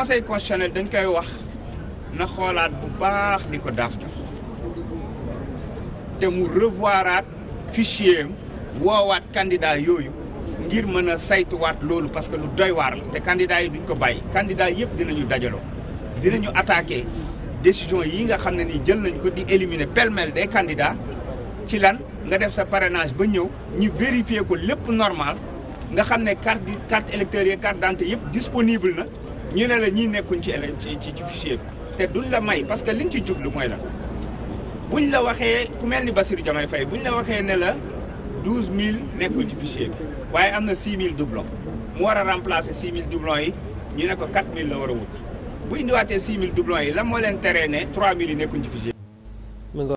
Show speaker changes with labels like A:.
A: conseil constitutionnel dañ koy wax na xoolaat bu baax li ko daaf te mu revoiraat fichier woowaat candidat yooyu ngir mën a saytuwaat loolu parce que lu doywaar la te candidat yi duñ ko bàyyi candidat yëpp dinañu dajaloo dinañu attaqué décision yi nga xam ne nii jël nañ ko di éliminer pêle-mêle des ci lan nga def sa parrainage ba ñëw ñu vérifier ko lépp normal nga xam ne carte carte électeur yi carte d'identité yëpp disponible na ñu ne la ñii nekkuñ ci ci ci fichier bi te duñ la may parce que liñ ci jublu mooy la ñu la waxee ku mel ni Bassirou fay bu ñu la waxee ne la douze mille nekkul ci fichier bi waaye am na six mille doublon mu war a remplacer six mille doublon yi ñu ne ko quatre mille la war a wut bu indiwaatee six mille doublon yi la moo leen tere ne trois mille yi nekkuñ ci fichier